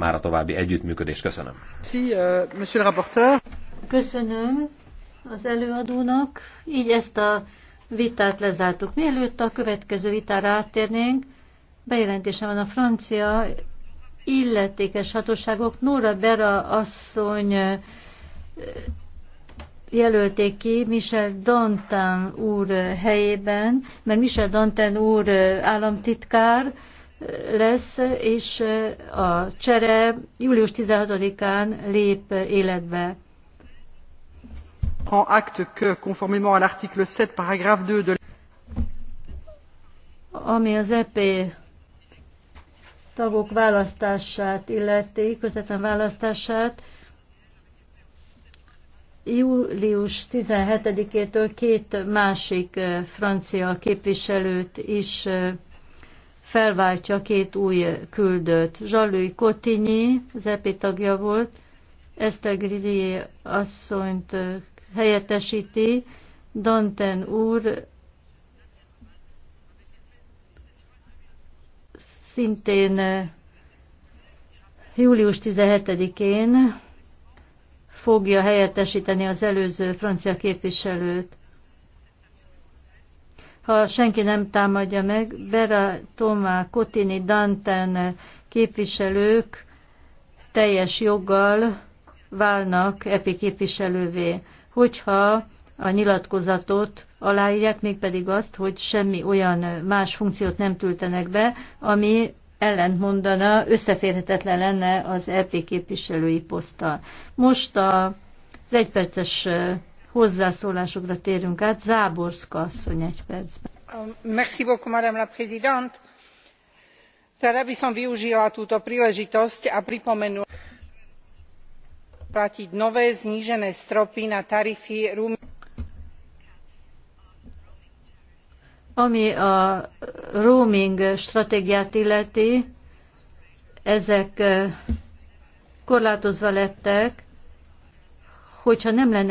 már a további együttműködést. Köszönöm. Euh, Köszönöm az előadónak. Így ezt a vitát lezártuk. Mielőtt a következő vitára áttérnénk, bejelentése van a francia illetékes hatóságok. Nóra Bera asszony euh, jelölték ki Michel Dantin úr helyében, mert Michel Dantin úr euh, államtitkár, lesz, és a csere július 16-án lép életbe. Prend acte que, conformément à l'article 7, paragraphe 2 de ami az EP tagok választását illeti, közvetlen választását, július 17-től két másik francia képviselőt is felváltja két új küldőt. Zsalői Kotinyi, az EP tagja volt, Eszter Grillier asszonyt helyettesíti, Danten úr szintén július 17-én fogja helyettesíteni az előző francia képviselőt ha senki nem támadja meg, Bera Tomá, Kotini, Danten képviselők teljes joggal válnak EPI képviselővé, hogyha a nyilatkozatot aláírják, mégpedig azt, hogy semmi olyan más funkciót nem tültenek be, ami ellentmondana, összeférhetetlen lenne az EP képviselői poszttal. Most a, az egyperces hozzászólásokra térünk át. Záborszka asszony egy percben. Merci beaucoup, madame la présidente. Rada by som využila túto príležitosť a pripomenula platiť nové znížené stropy na tarify rúmi... Ami a roaming stratégiát illeti, ezek eh, korlátozva lettek, hogyha nem lenne